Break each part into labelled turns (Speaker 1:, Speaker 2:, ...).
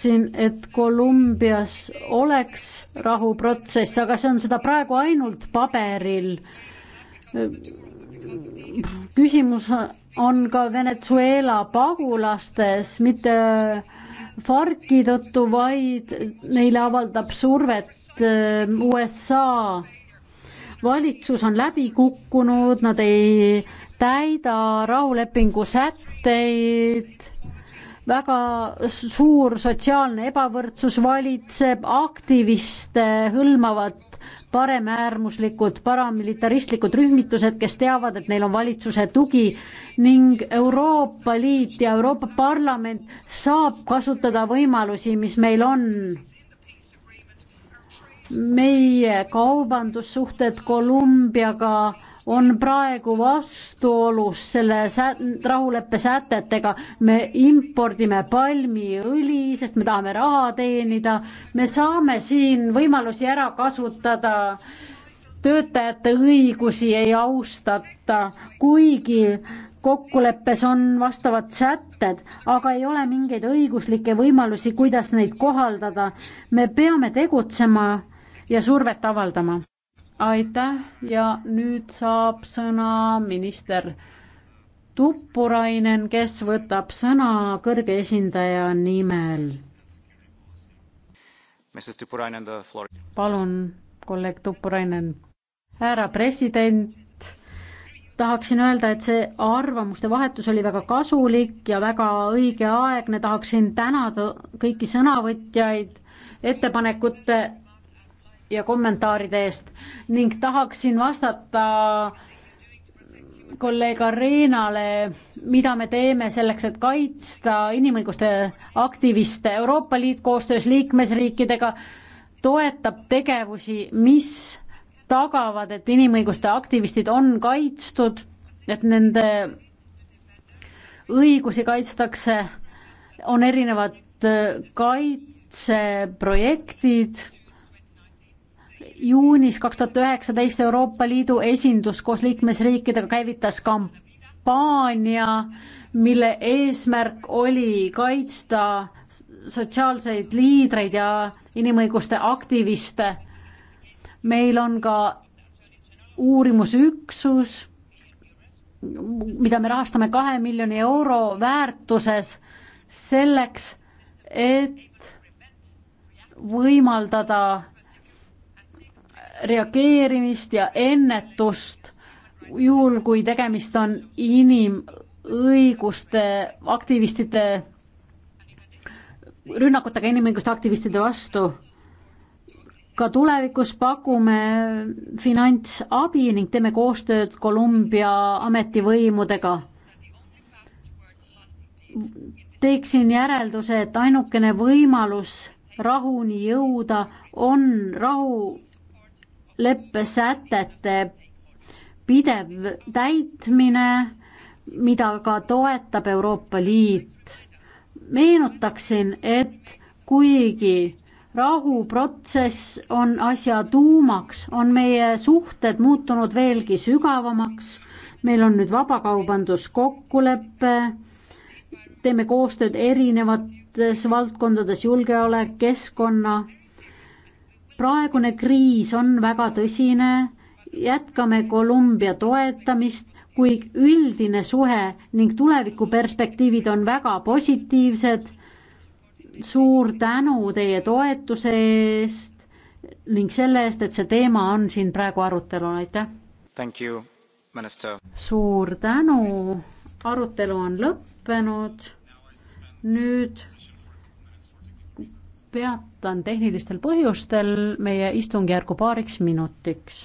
Speaker 1: tahaksin, et Kolumbias oleks rahuprotsess, aga see on seda praegu ainult paberil. küsimus on ka Venezuela pagulastes, mitte FARC-i tõttu, vaid neile avaldab survet ähm, USA valitsus on läbi kukkunud, nad ei täida rahulepingu sätteid väga suur sotsiaalne ebavõrdsus valitseb, aktiviste hõlmavad paremäärmuslikud paramilitaristlikud rühmitused, kes teavad, et neil on valitsuse tugi ning Euroopa Liit ja Euroopa Parlament saab kasutada võimalusi, mis meil on. meie kaubandussuhted Kolumbiaga on praegu vastuolus selle sät-, rahuleppe sätetega. me impordime palmiõli, sest me tahame raha teenida, me saame siin võimalusi ära kasutada töötajate õigusi ei austata, kuigi kokkuleppes on vastavad sätted, aga ei ole mingeid õiguslikke võimalusi, kuidas neid kohaldada. me peame tegutsema ja survet avaldama aitäh ja nüüd saab sõna minister Tuppurainen, kes võtab sõna kõrge esindaja nimel. palun, kolleeg Tuppurainen. härra president, tahaksin öelda, et see arvamuste vahetus oli väga kasulik ja väga õigeaegne, tahaksin tänada kõiki sõnavõtjaid ettepanekute ja kommentaaride eest ning tahaksin vastata kolleeg Areenale, mida me teeme selleks, et kaitsta inimõiguste aktiviste. Euroopa Liit koostöös liikmesriikidega toetab tegevusi, mis tagavad, et inimõiguste aktivistid on kaitstud, et nende õigusi kaitstakse, on erinevad kaitseprojektid juunis kaks tuhat üheksateist Euroopa Liidu esindus koos liikmesriikidega käivitas kampaania, mille eesmärk oli kaitsta sotsiaalseid liidreid ja inimõiguste aktiviste. meil on ka uurimusüksus, mida me rahastame kahe miljoni euro väärtuses selleks, et võimaldada reageerimist ja ennetust, juhul kui tegemist on inimõiguste aktivistide, rünnakutega inimõiguste aktivistide vastu. ka tulevikus pakume finantsabi ning teeme koostööd Kolumbia ametivõimudega teeksin järelduse, et ainukene võimalus rahuni jõuda on rahu leppesätete pidev täitmine, mida ka toetab Euroopa Liit. meenutaksin, et kuigi rahuprotsess on asja tuumaks, on meie suhted muutunud veelgi sügavamaks. meil on nüüd vabakaubanduskokkulepe, teeme koostööd erinevates valdkondades, julgeolek, keskkonna praegune kriis on väga tõsine, jätkame Kolumbia toetamist, kuid üldine suhe ning tulevikuperspektiivid on väga positiivsed. suur tänu teie toetuse eest ning selle eest, et see teema on siin praegu arutelul, aitäh! suur tänu, arutelu on lõppenud, nüüd peatan tehnilistel põhjustel meie istungjärgu paariks minutiks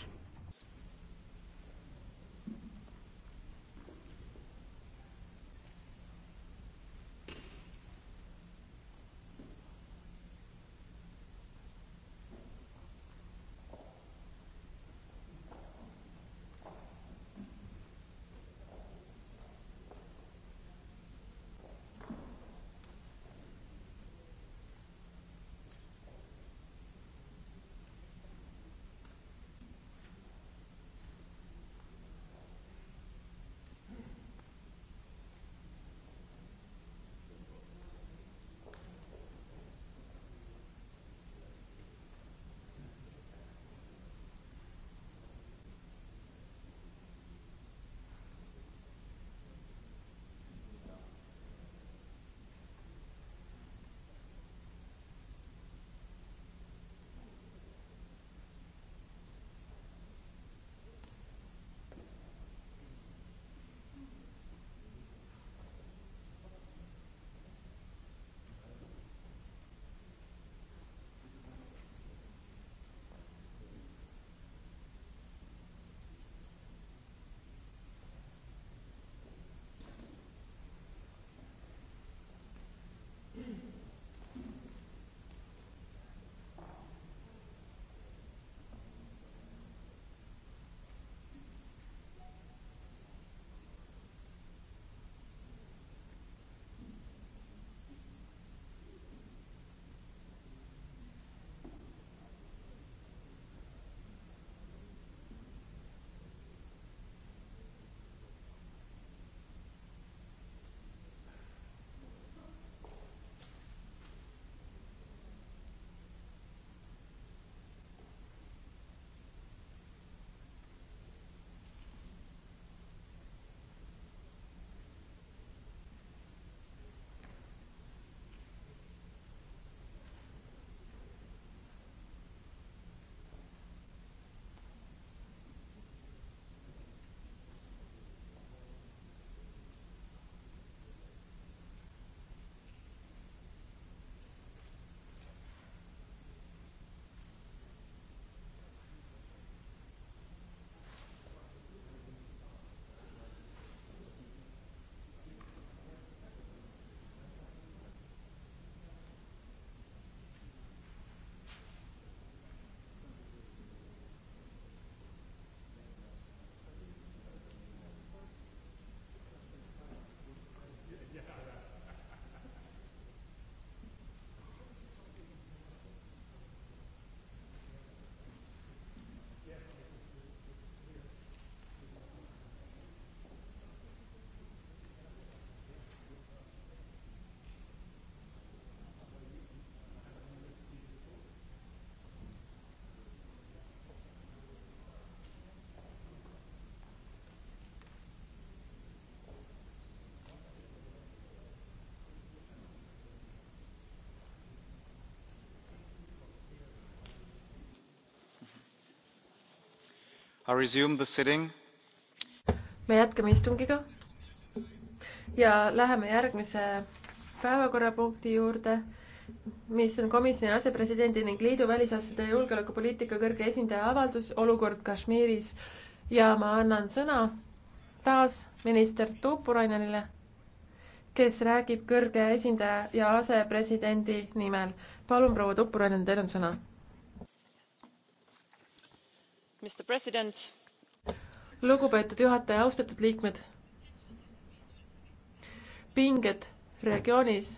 Speaker 1: I resume the sitting.
Speaker 2: me jätkame istungiga ja läheme järgmise päevakorrapunkti juurde, mis on komisjoni asepresidendi ning liidu välisasjade ja julgeolekupoliitika kõrge esindaja avaldus olukord Kashmiris ja ma annan sõna taas minister Tuupurainenile, kes räägib kõrge esindaja ja asepresidendi nimel. palun, proua Tuupurainen, teil on sõna lugupeetud juhataja, austatud liikmed. pinged regioonis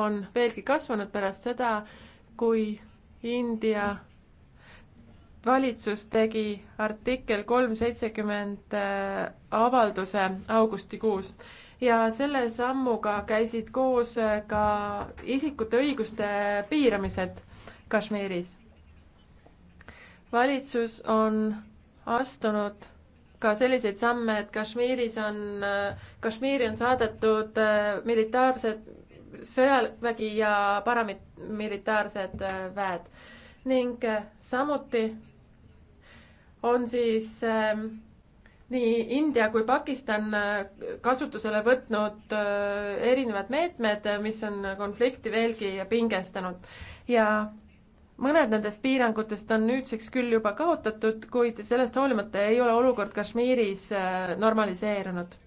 Speaker 2: on veelgi kasvanud pärast seda, kui India valitsus tegi artikkel kolm seitsekümmend äh, avalduse augustikuus ja selle sammuga käisid koos äh, ka isikute õiguste piiramised Kashmiris valitsus on astunud ka selliseid samme, et Kashmiris on, Kashmiri on saadetud äh, militaarsed sõjavägi ja paramilitaarsed äh, väed ning äh, samuti on siis ähm, nii India kui Pakistan kasutusele võtnud erinevad meetmed, mis on konflikti veelgi pingestanud ja mõned nendest piirangutest on nüüdseks küll juba kaotatud, kuid sellest hoolimata ei ole olukord Kashmiris äh, normaliseerunud.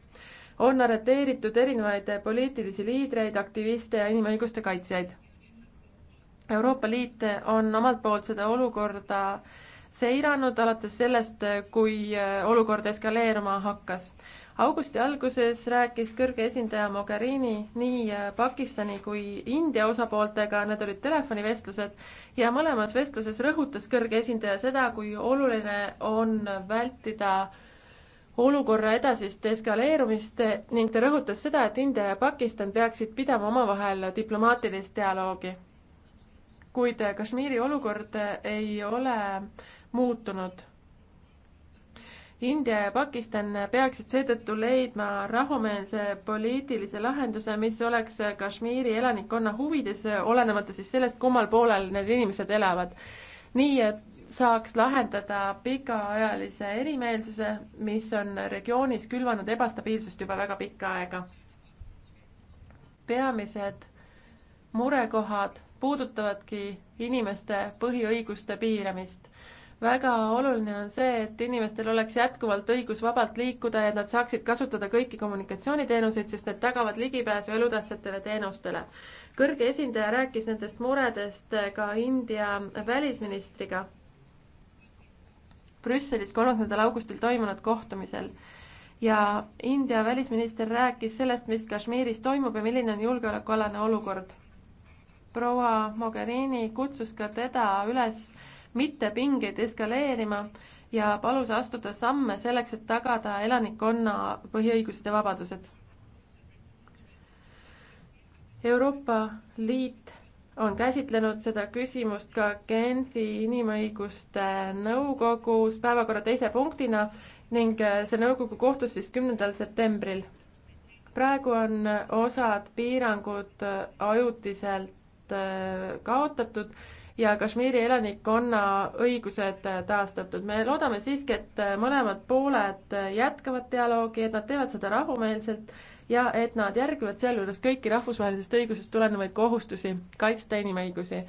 Speaker 2: on arreteeritud erinevaid poliitilisi liidreid, aktiviste ja inimõiguste kaitsjaid. Euroopa Liit on omalt poolt seda olukorda seiranud alates sellest, kui äh, olukord eskaleeruma hakkas augusti alguses rääkis kõrge esindaja Mogherini nii äh, Pakistani kui India osapooltega, need olid telefonivestlused, ja mõlemas vestluses rõhutas kõrge esindaja seda, kui oluline on vältida olukorra edasist eskaleerumist ning ta rõhutas seda, et India ja Pakistan peaksid pidama omavahel diplomaatilist dialoogi. kuid Kashmiri olukord ei ole muutunud India ja Pakistan peaksid seetõttu leidma rahumeelse poliitilise lahenduse, mis oleks Kashmiri elanikkonna huvides, olenemata siis sellest, kummal poolel need inimesed elavad. nii et saaks lahendada pikaajalise erimeelsuse, mis on regioonis külvanud ebastabiilsust juba väga pikka aega. peamised murekohad puudutavadki inimeste põhiõiguste piiramist väga oluline on see, et inimestel oleks jätkuvalt õigus vabalt liikuda ja et nad saaksid kasutada kõiki kommunikatsiooniteenuseid, sest need tagavad ligipääsu elutähtsatele teenustele. kõrge esindaja rääkis nendest muredest ka India välisministriga Brüsselis kolmandal augustil toimunud kohtumisel ja India välisminister rääkis sellest, mis Kashmiris toimub ja milline on julgeolekualane olukord. proua Mogherini kutsus ka teda üles mitte pingeid eskaleerima ja palus astuda samme selleks, et tagada elanikkonna põhiõigused ja vabadused. Euroopa Liit on käsitlenud seda küsimust ka Genfi Inimõiguste Nõukogus päevakorra teise punktina ning see nõukogu kohtus siis kümnendal septembril. praegu on osad piirangud ajutiselt äh, kaotatud ja Kashmiri elanikkonna õigused äh, taastatud. me loodame siiski, et äh, mõlemad pooled äh, jätkavad dialoogi, et nad teevad seda rahumeelselt ja et nad järgivad sealjuures kõiki rahvusvahelisest õigusest tulenevaid kohustusi kaitsta inimõigusi.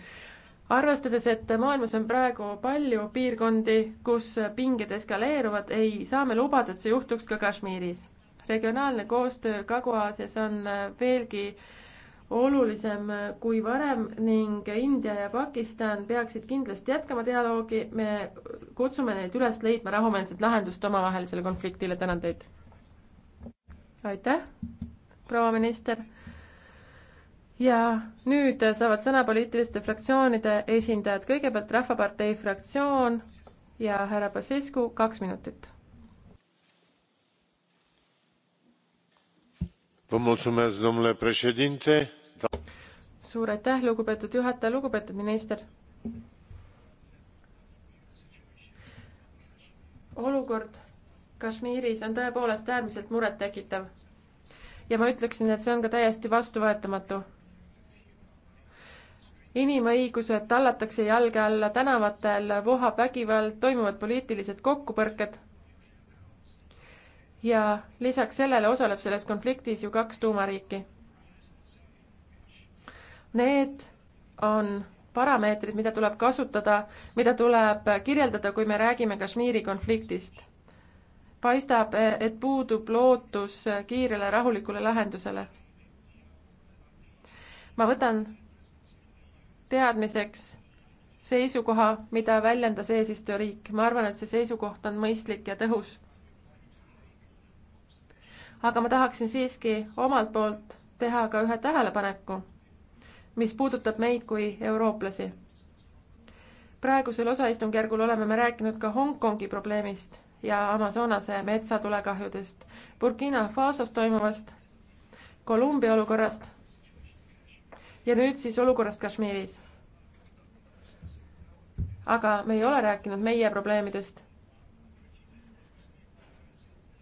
Speaker 2: arvestades, et maailmas on praegu palju piirkondi, kus pinged eskaleeruvad, ei saa me lubada, et see juhtuks ka Kashmiris. regionaalne koostöö Kagu-Aasias on veelgi äh, olulisem kui varem ning India ja Pakistan peaksid kindlasti jätkama dialoogi. me kutsume neid üles leidma rahumeelset lahendust omavahelisele konfliktile. tänan teid. aitäh, proua minister. ja nüüd saavad sõna poliitiliste fraktsioonide esindajad. kõigepealt Rahvapartei fraktsioon ja härra Basescu, kaks minutit domnule președinte suur aitäh lugupeetud juhataja lugupeetud minister olukord kašmiris on tõepoolest äärmiselt murettekitav ja ma ütleksin et see on ka täiesti vastuvõetamatu inimõigused tallatakse jalge alla tänavatel vohab vägivald toimuvad poliitilised kokkupõrked ja lisaks sellele osaleb selles konfliktis ju kaks tuumariiki. Need on parameetrid, mida tuleb kasutada, mida tuleb kirjeldada, kui me räägime Kashmiri konfliktist. paistab, et puudub lootus kiirele rahulikule lahendusele. ma võtan teadmiseks seisukoha, mida väljendas eesistujariik. ma arvan, et see seisukoht on mõistlik ja tõhus aga ma tahaksin siiski omalt poolt teha ka ühe tähelepaneku, mis puudutab meid kui eurooplasi. praegusel osaistungjärgul oleme me rääkinud ka Hongkongi probleemist ja Amazonase metsatulekahjudest, Burkina Fasos toimuvast, Kolumbia olukorrast ja nüüd siis olukorrast Kashmiris. aga me ei ole rääkinud meie probleemidest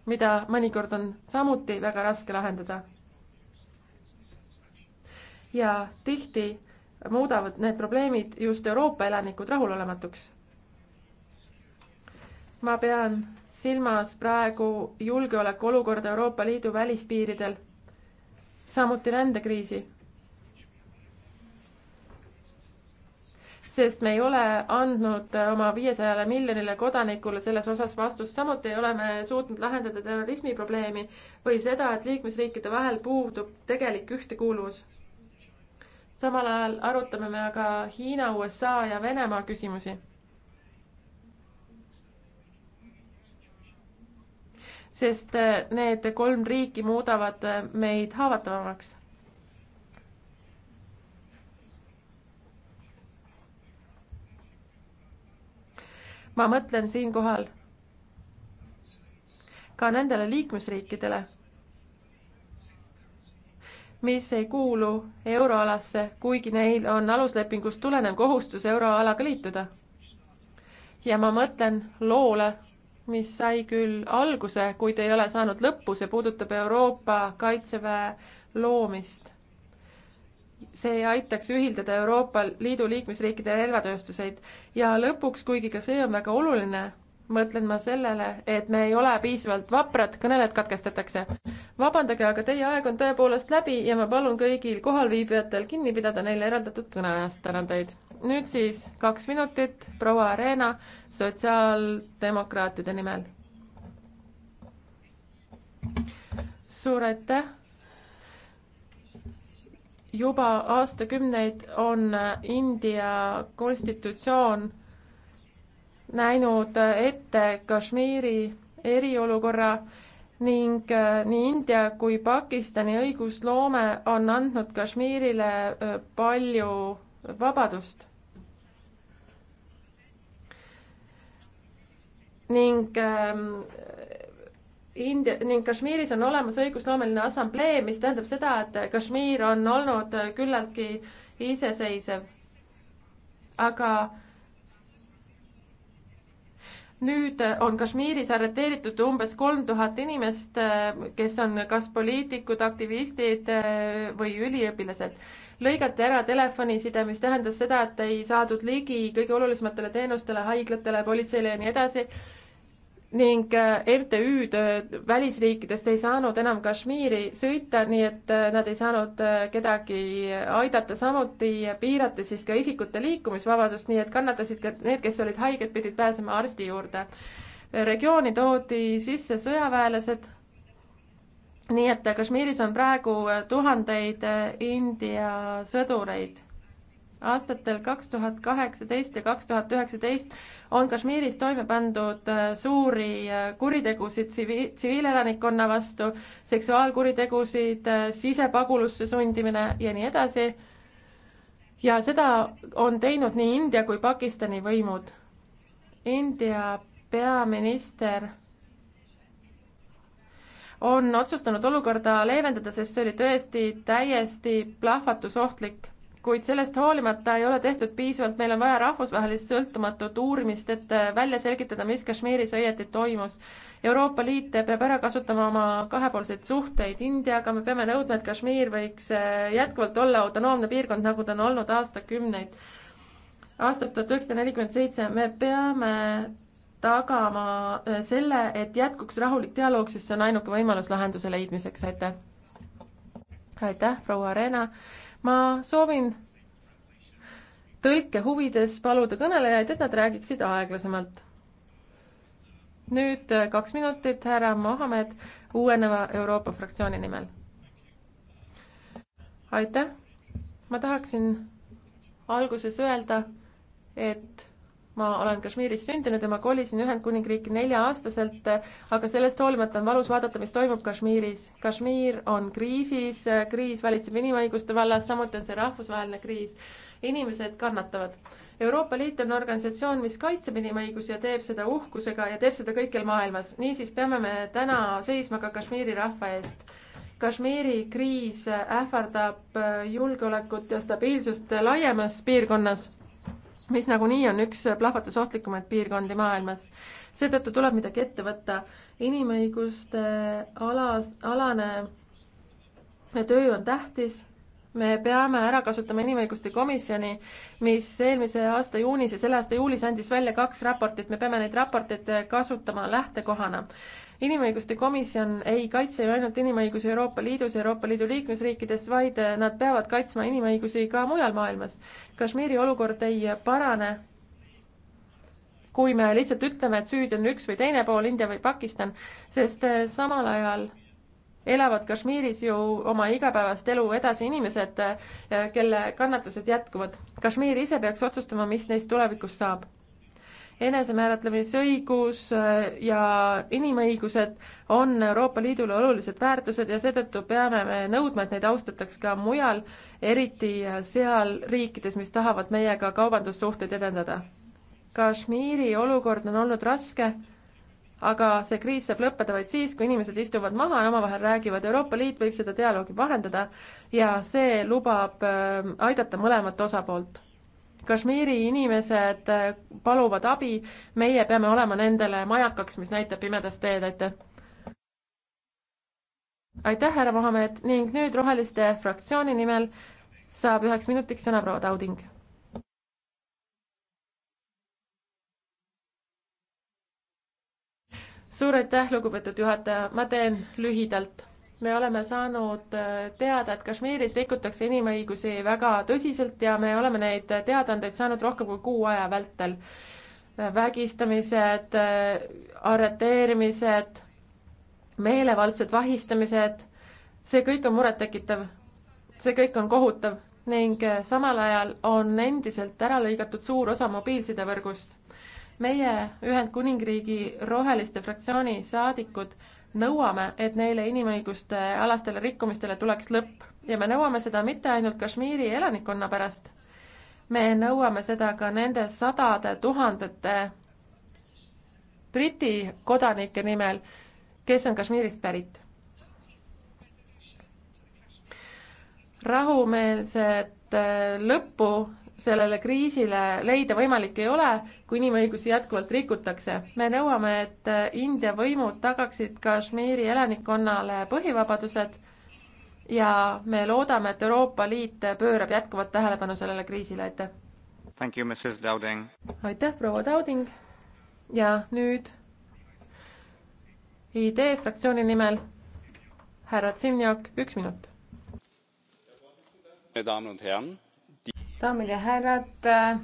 Speaker 2: mida mõnikord on samuti väga raske lahendada. ja tihti muudavad need probleemid just Euroopa elanikud rahulolematuks. ma pean silmas praegu julgeolekuolukorda Euroopa Liidu välispiiridel, samuti rändekriisi sest me ei ole andnud oma viiesajale miljonile kodanikule selles osas vastust. samuti ei ole me suutnud lahendada terrorismi probleemi või seda, et liikmesriikide vahel puudub tegelik ühtekuuluvus. samal ajal arutame me aga Hiina, USA ja Venemaa küsimusi. sest need kolm riiki muudavad meid haavatavamaks ma mõtlen siinkohal ka nendele liikmesriikidele, mis ei kuulu euroalasse, kuigi neil on aluslepingust tulenev kohustus euroalaga liituda. ja ma mõtlen loole, mis sai küll alguse, kuid ei ole saanud lõppu, see puudutab Euroopa Kaitseväe loomist see aitaks ühildada Euroopa Liidu liikmesriikide relvatööstuseid. ja lõpuks, kuigi ka see on väga oluline, mõtlen ma sellele, et me ei ole piisavalt vaprad, kõneled katkestatakse. vabandage, aga teie aeg on tõepoolest läbi ja ma palun kõigil kohalviibijatel kinni pidada neile eraldatud kõneajast, tänan teid. nüüd siis kaks minutit, proua Arena sotsiaaldemokraatide nimel. suur aitäh juba aastakümneid on India konstitutsioon näinud ette Kashmiri eriolukorra ning äh, nii India kui Pakistani õigusloome on andnud Kashmirile äh, palju vabadust. ning ähm, India ning Kashmiris on olemas õigusloomeline assamblee, mis tähendab seda, et Kashmir on olnud küllaltki iseseisev. aga nüüd on Kashmiris arreteeritud umbes kolm tuhat inimest, kes on kas poliitikud, aktivistid või üliõpilased. lõigati ära telefoniside, mis tähendas seda, et ei saadud ligi kõige olulisematele teenustele, haiglatele, politseile ja nii edasi ning MTÜ-d äh, välisriikidest ei saanud enam Kashmiri sõita, nii et äh, nad ei saanud äh, kedagi aidata, samuti piirati siis ka isikute liikumisvabadust, nii et kannatasid ka need, kes olid haiged, pidid pääsema arsti juurde. regiooni toodi sisse sõjaväelased, nii et Kashmiris on praegu tuhandeid India sõdureid aastatel kaks tuhat kaheksateist ja kaks tuhat üheksateist on Kashmiris toime pandud äh, suuri äh, kuritegusid tsivi-, tsiviilelanikkonna vastu, seksuaalkuritegusid, äh, sisepagulusse sundimine ja nii edasi. ja seda on teinud nii India kui Pakistani võimud. India peaminister on otsustanud olukorda leevendada, sest see oli tõesti täiesti plahvatusohtlik kuid sellest hoolimata ei ole tehtud piisavalt, meil on vaja rahvusvahelist sõltumatut uurimist, et äh, välja selgitada, mis Kashmiris õieti toimus. Euroopa Liit peab ära kasutama oma kahepoolseid suhteid Indiaga, me peame nõudma, et Kashmir võiks äh, jätkuvalt olla autonoomne piirkond, nagu ta on olnud aastakümneid. aastast tuhat üheksasada nelikümmend seitse me peame tagama äh, selle, et jätkuks rahulik dialoog, sest see on ainuke võimalus lahenduse leidmiseks, aitäh! aitäh, proua Arena! ma soovin tõlke huvides paluda kõnelejaid, et nad räägiksid aeglasemalt. nüüd äh, kaks minutit, härra Mohamed uueneva Euroopa fraktsiooni nimel. aitäh, ma tahaksin alguses öelda, et ma olen Kashmiris sündinud ja ma kolisin Ühendkuningriiki nelja-aastaselt, aga sellest hoolimata on valus vaadata, mis toimub Kashmiris. Kashmir on kriisis, kriis valitseb inimõiguste vallas, samuti on see rahvusvaheline kriis. inimesed kannatavad. Euroopa Liit on organisatsioon, mis kaitseb inimõigusi ja teeb seda uhkusega ja teeb seda kõikjal maailmas. niisiis peame me täna seisma ka Kashmiri rahva eest Kashmiri kriis ähvardab julgeolekut ja stabiilsust laiemas piirkonnas mis nagunii on üks plahvatusohtlikumaid piirkondi maailmas. seetõttu tuleb midagi ette võtta. inimõiguste alas, alane töö on tähtis me peame ära kasutama Inimõiguste Komisjoni, mis eelmise aasta juunis ja selle aasta juulis andis välja kaks raportit, me peame neid raporteid kasutama lähtekohana. inimõiguste komisjon ei kaitse ju ainult inimõigusi Euroopa Liidus ja Euroopa Liidu liikmesriikides, vaid nad peavad kaitsma inimõigusi ka mujal maailmas. Kashmiri olukord ei parane, kui me lihtsalt ütleme, et süüdi on üks või teine pool, India või Pakistan, sest samal ajal elavad Kashmiris ju oma igapäevast elu edasi inimesed, kelle kannatused jätkuvad. Kashmir ise peaks otsustama, mis neist tulevikus saab. enesemääratlemisõigus äh, ja inimõigused on Euroopa Liidule olulised väärtused ja seetõttu peame me nõudma, et neid austataks ka mujal, eriti seal riikides, mis tahavad meiega kaubandussuhteid edendada. Kashmiri olukord on olnud raske aga see kriis saab lõppeda vaid siis, kui inimesed istuvad maha ja omavahel räägivad. Euroopa Liit võib seda dialoogi vahendada ja see lubab ähm, aidata mõlemat osapoolt. Kashmiri inimesed äh, paluvad abi, meie peame olema nendele majakaks, mis näitab pimedast teed, aitäh! aitäh, härra Mohamed ning nüüd Roheliste fraktsiooni nimel saab üheks minutiks sõna proua Tauding suur aitäh, lugupeetud juhataja, ma teen lühidalt. me oleme saanud äh, teada, et Kashmiris rikutakse inimõigusi väga tõsiselt ja me oleme neid teadaandeid saanud rohkem kui kuu aja vältel. Äh, vägistamised, äh, arreteerimised, meelevaldsed vahistamised, see kõik on murettekitav. see kõik on kohutav ning samal ajal on endiselt ära lõigatud suur osa mobiilsidevõrgust meie Ühendkuningriigi Roheliste fraktsiooni saadikud nõuame, et neile inimõiguste alastele rikkumistele tuleks lõpp ja me nõuame seda mitte ainult Kashmiri elanikkonna pärast, me nõuame seda ka nende sadade tuhandete Briti kodanike nimel, kes on Kashmirist pärit. rahumeelset äh, lõppu sellele kriisile leida võimalik ei ole, kui inimõigusi jätkuvalt rikutakse. me nõuame, et India võimud tagaksid Kashmiri elanikkonnale põhivabadused ja me loodame, et Euroopa Liit pöörab jätkuvat tähelepanu sellele kriisile, aitäh! aitäh, proua Dauding! ja nüüd ID fraktsiooni nimel härra Tsimniok, üks minut. daamid ja härrad!
Speaker 3: daamid ja härrad, äh,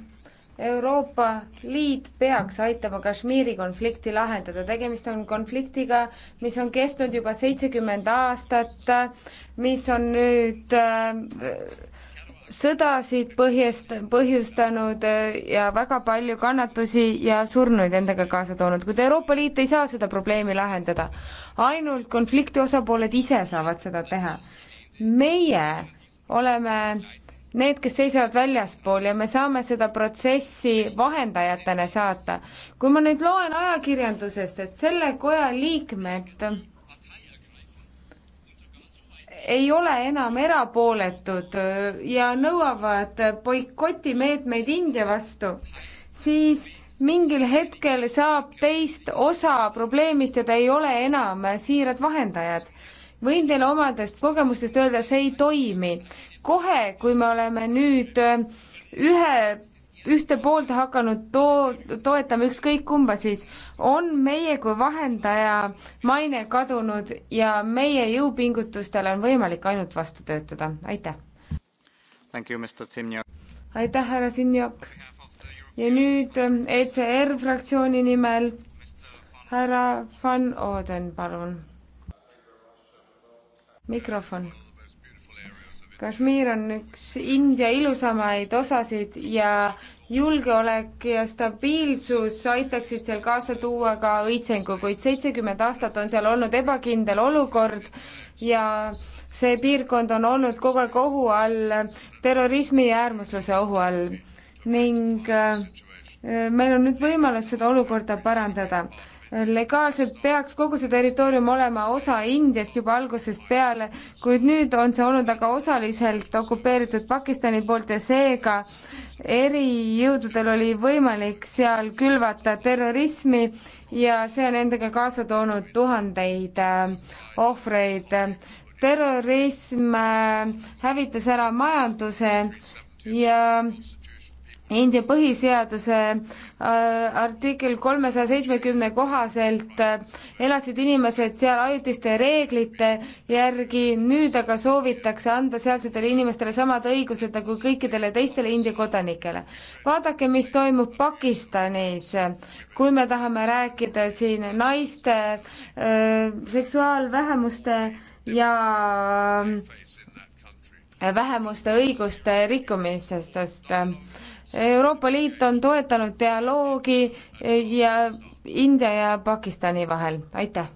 Speaker 3: Euroopa Liit peaks aitama Kashmiri konflikti lahendada, tegemist on konfliktiga, mis on kestnud juba seitsekümmend aastat, mis on nüüd äh, sõdasid põhjest, põhjustanud äh, ja väga palju kannatusi ja surnuid endaga kaasa toonud, kuid Euroopa Liit ei saa seda probleemi lahendada. ainult konflikti osapooled ise saavad seda teha. meie oleme need, kes seisavad väljaspool ja me saame seda protsessi vahendajatena saata. kui ma nüüd loen ajakirjandusest, et selle koja liikmed ei ole enam erapooletud äh, ja nõuavad boikotimeetmeid India vastu, siis mingil hetkel saab teist osa probleemist ja te ei ole enam siirad vahendajad võin teile omadest kogemustest öelda, see ei toimi kohe, kui me oleme nüüd äh, ühe ühte poolt hakanud to-, toetama ükskõik kumba, siis on meie kui vahendaja maine kadunud ja meie jõupingutustele on võimalik ainult vastu töötada, aitäh! aitäh, härra Simjak! ja nüüd äh, ECR fraktsiooni nimel härra Van Oden, palun. mikrofon Kashmir on üks India ilusamaid osasid ja julgeolek ja stabiilsus aitaksid seal kaasa tuua ka õitsengu, kuid seitsekümmend aastat on seal olnud ebakindel olukord ja see piirkond on olnud kogu aeg ohu all, terrorismi ja äärmusluse ohu all ning äh, meil on nüüd võimalus seda olukorda parandada legaalselt peaks kogu see territoorium olema osa Indiast juba algusest peale, kuid nüüd on see olnud aga osaliselt okupeeritud Pakistani poolt ja seega erijõududel oli võimalik seal külvata terrorismi ja see on endaga kaasa toonud tuhandeid äh, ohvreid. terrorism äh, hävitas ära majanduse ja India põhiseaduse äh, artikkel kolmesaja seitsmekümne kohaselt äh, elasid inimesed seal ajutiste reeglite järgi, nüüd aga soovitakse anda sealsetele inimestele samad õigused nagu kõikidele teistele India kodanikele. vaadake, mis toimub Pakistanis, kui me tahame rääkida siin naiste, äh, seksuaalvähemuste ja vähemuste õiguste rikkumisest, sest Euroopa Liit on toetanud dialoogi ja India ja Pakistani vahel, aitäh!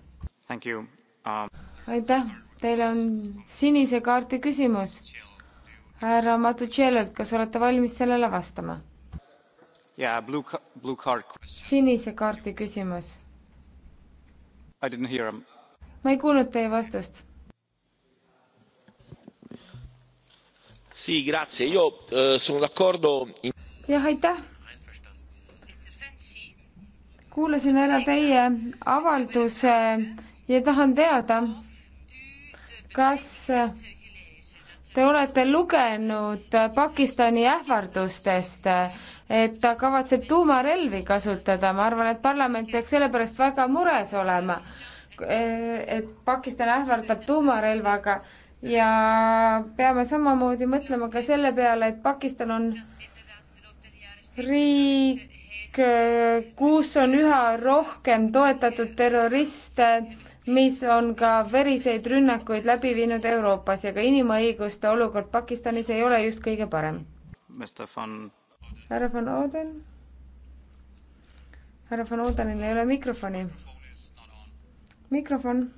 Speaker 3: Um... aitäh, teil on sinise kaardi küsimus. härra Matutšelelt, kas olete valmis sellele vastama yeah,? sinise kaardi küsimus. ma ei kuulnud teie vastust
Speaker 2: sì grazie io eh, sono d'accordo in
Speaker 3: jah, aitäh. kuulasin ära teie avalduse ja tahan teada, kas Te olete lugenud Pakistani ähvardustest, et ta kavatseb tuumarelvi kasutada, ma arvan, et parlament peaks selle pärast väga mures olema, et Pakistan ähvardab tuumarelvaga ja peame samamoodi mõtlema ka selle peale, et Pakistan on riik, kus on üha rohkem toetatud terroriste, mis on ka veriseid rünnakuid läbi viinud Euroopas ja ka inimõiguste olukord Pakistanis ei ole just kõige parem. härra von Oden? härra von Odenil ei ole mikrofoni. mikrofon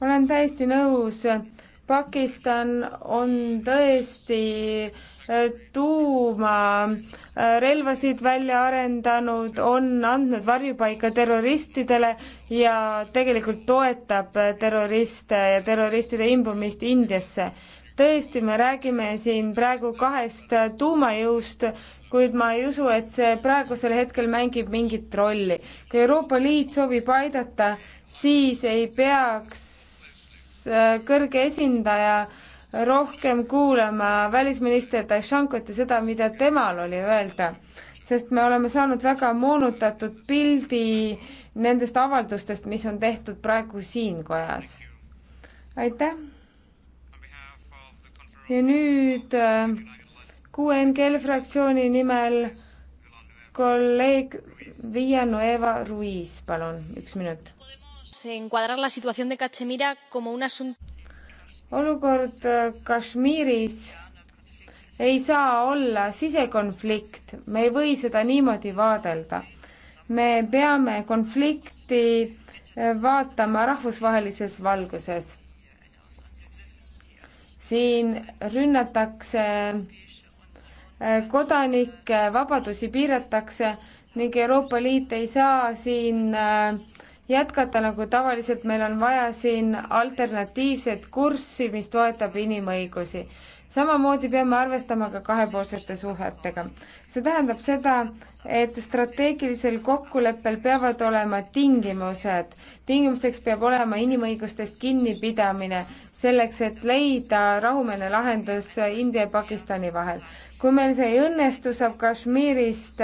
Speaker 3: olen täiesti nõus, Pakistan on tõesti äh, tuumarelvasid äh, välja arendanud, on andnud varjupaika terroristidele ja tegelikult toetab äh, terroriste ja terroristide imbumist Indiasse. tõesti, me räägime siin praegu kahest tuumajõust, kuid ma ei usu, et see praegusel hetkel mängib mingit rolli. kui Euroopa Liit soovib aidata, siis ei peaks Äh, kõrge esindaja rohkem kuulama välisminister Tašankot ja seda, mida temal oli öelda. sest me oleme saanud väga moonutatud pildi nendest avaldustest, mis on tehtud praegu siin kojas. aitäh. ja nüüd äh, QNGL fraktsiooni nimel kolleeg Villanueva Ruiz, palun, üks minut
Speaker 1: encuadrar la situación de Cachemira como un asunto
Speaker 3: olukord eh, Kashmiris ei saa olla sisekonflikt, me ei või seda niimoodi vaadelda. me peame konflikti eh, vaatama rahvusvahelises valguses. siin rünnatakse eh, kodanike vabadusi piiratakse ning Euroopa Liit ei saa siin äh, jätkata nagu tavaliselt, meil on vaja siin alternatiivset kurssi, mis toetab inimõigusi. samamoodi peame arvestama ka kahepoolsete suhetega. see tähendab seda, et strateegilisel kokkuleppel peavad olema tingimused. tingimuseks peab olema inimõigustest kinnipidamine, selleks et leida rahumeelne lahendus India ja Pakistani vahel. kui meil see ei õnnestu, saab Kashmirist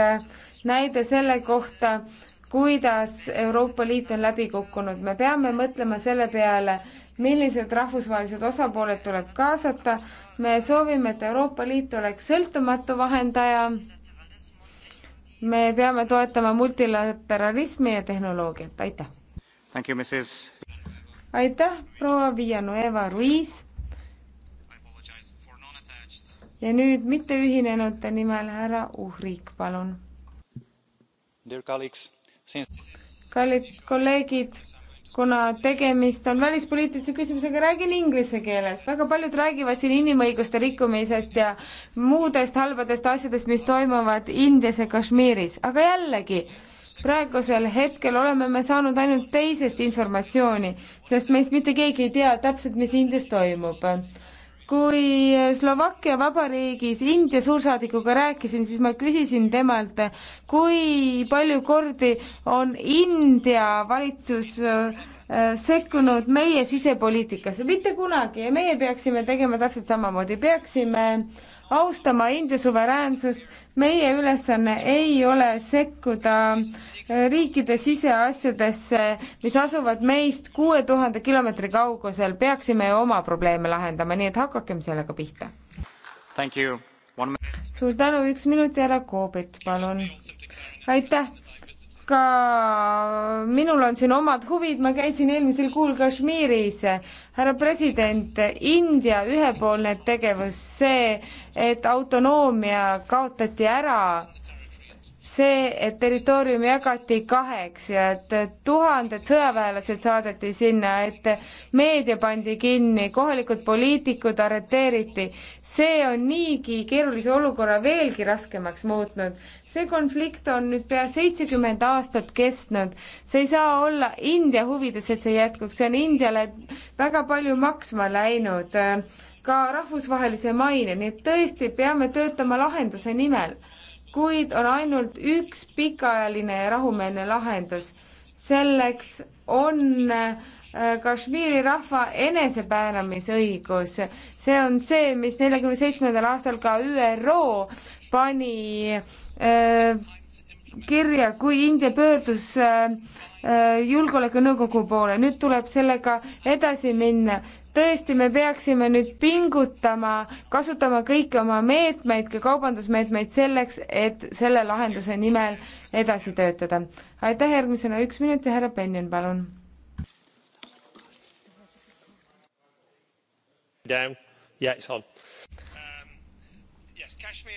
Speaker 3: näide selle kohta, kuidas Euroopa Liit on läbi kukkunud, me peame mõtlema selle peale, millised rahvusvahelised osapooled tuleb kaasata, me soovime, et Euroopa Liit oleks sõltumatu vahendaja, me peame toetama multilateralismi ja tehnoloogiat,
Speaker 1: aitäh!
Speaker 3: aitäh, proua Villanueva Ruiz! ja nüüd mitteühinenute nimel härra Uhrik, palun! Dear colleagues, kallid kolleegid, kuna tegemist on välispoliitilise küsimusega, räägin inglise keeles. väga paljud räägivad siin inimõiguste rikkumisest ja muudest halbadest asjadest, mis toimuvad Indias ja Kashmiris, aga jällegi, praegusel hetkel oleme me saanud ainult teisest informatsiooni, sest meist mitte keegi ei tea täpselt, mis Indias toimub kui Slovakkia Vabariigis India suursaadikuga rääkisin, siis ma küsisin temalt, kui palju kordi on India valitsus äh, Äh, sekkunud meie sisepoliitikasse, mitte kunagi ja meie peaksime tegema täpselt samamoodi, peaksime austama India suveräänsust, meie ülesanne ei ole sekkuda äh, riikide siseasjadesse, mis asuvad meist kuue tuhande kilomeetri kaugusel, peaksime oma probleeme lahendama, nii et hakakem sellega pihta. suur tänu, üks minut ja härra Koobet, palun. aitäh ka minul on siin omad huvid, ma käisin eelmisel kuul Kashmiris. härra president, India ühepoolne tegevus, see, et autonoomia kaotati ära see, et territoorium jagati kaheks ja et tuhanded sõjaväelased saadeti sinna, et meedia pandi kinni, kohalikud poliitikud arreteeriti, see on niigi keerulise olukorra veelgi raskemaks muutnud. see konflikt on nüüd pea seitsekümmend aastat kestnud. see ei saa olla India huvides, et see jätkuks, see on Indiale väga palju maksma läinud, ka rahvusvahelise maine, nii et tõesti peame töötama lahenduse nimel kuid on ainult üks pikaajaline ja rahumeelne lahendus. selleks on äh, Kashmiri rahva enesepääramisõigus, see on see, mis neljakümne seitsmendal aastal ka ÜRO pani äh, kirja, kui India pöördus äh, äh julgeolekunõukogu poole, nüüd tuleb sellega edasi minna tõesti, me peaksime nüüd pingutama, kasutama kõiki oma meetmeid, ka kaubandusmeetmeid selleks, et selle lahenduse nimel edasi töötada. aitäh, järgmisena üks minut ja härra Benjon, palun.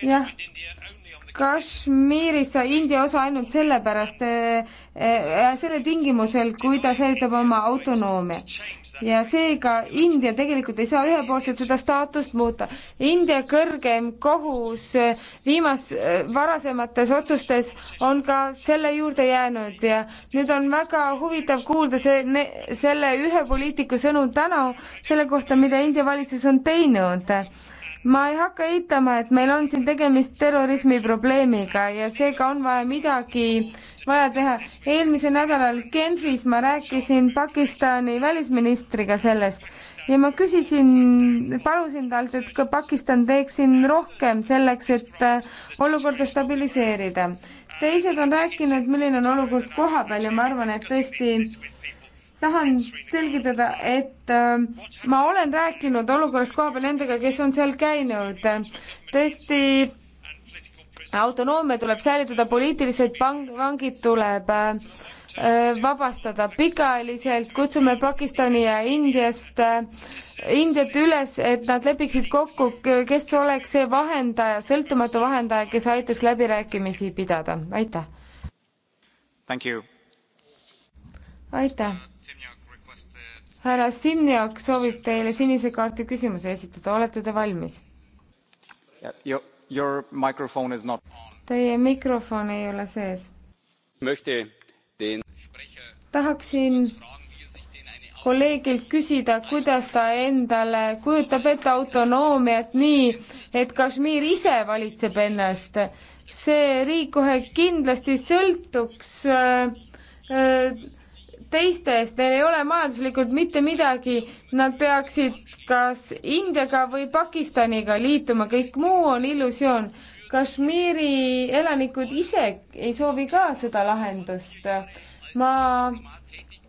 Speaker 3: jah, Kashmiris sai India osa ainult sellepärast äh,, äh, selle tingimusel, kui ta säilitab oma autonoomia. ja seega India tegelikult ei saa ühepoolselt seda staatust muuta. India kõrgem kohus äh, viimas äh,, varasemates otsustes on ka selle juurde jäänud ja nüüd on väga huvitav kuulda see, selle ühe poliitiku sõnu täna selle kohta, mida India valitsus on teinud äh, ma ei hakka eitama, et meil on siin tegemist terrorismi probleemiga ja seega on vaja midagi vaja teha. eelmisel nädalal Genfis ma rääkisin Pakistani välisministriga sellest ja ma küsisin, palusin talt, et ka Pakistan teeks siin rohkem selleks, et äh, olukorda stabiliseerida. teised on rääkinud, milline on olukord kohapeal ja ma arvan, et tõesti tahan selgitada, et äh, ma olen rääkinud olukorrast kohapeal nendega, kes on seal käinud. tõesti, autonoomia tuleb säilitada, poliitilised pang-, vangid tuleb äh, vabastada pikaajaliselt, kutsume Pakistani ja Indiast, äh, Indiat üles, et nad lepiksid kokku, kes oleks see vahendaja, sõltumatu vahendaja, kes aitaks läbirääkimisi pidada, aitäh. aitäh härra Sinjak soovib teile sinise kaardi küsimuse esitada, olete te valmis? Not... Teie mikrofon ei ole sees. tahaksin kolleegilt küsida, kuidas ta endale kujutab ette autonoomiat nii, et Kashmir ise valitseb ennast. see riik kohe kindlasti sõltuks äh, äh, teistest, neil ei ole majanduslikult mitte midagi, nad peaksid kas Indiaga või Pakistaniga liituma, kõik muu on illusioon. Kashmiri elanikud ise ei soovi ka seda lahendust. ma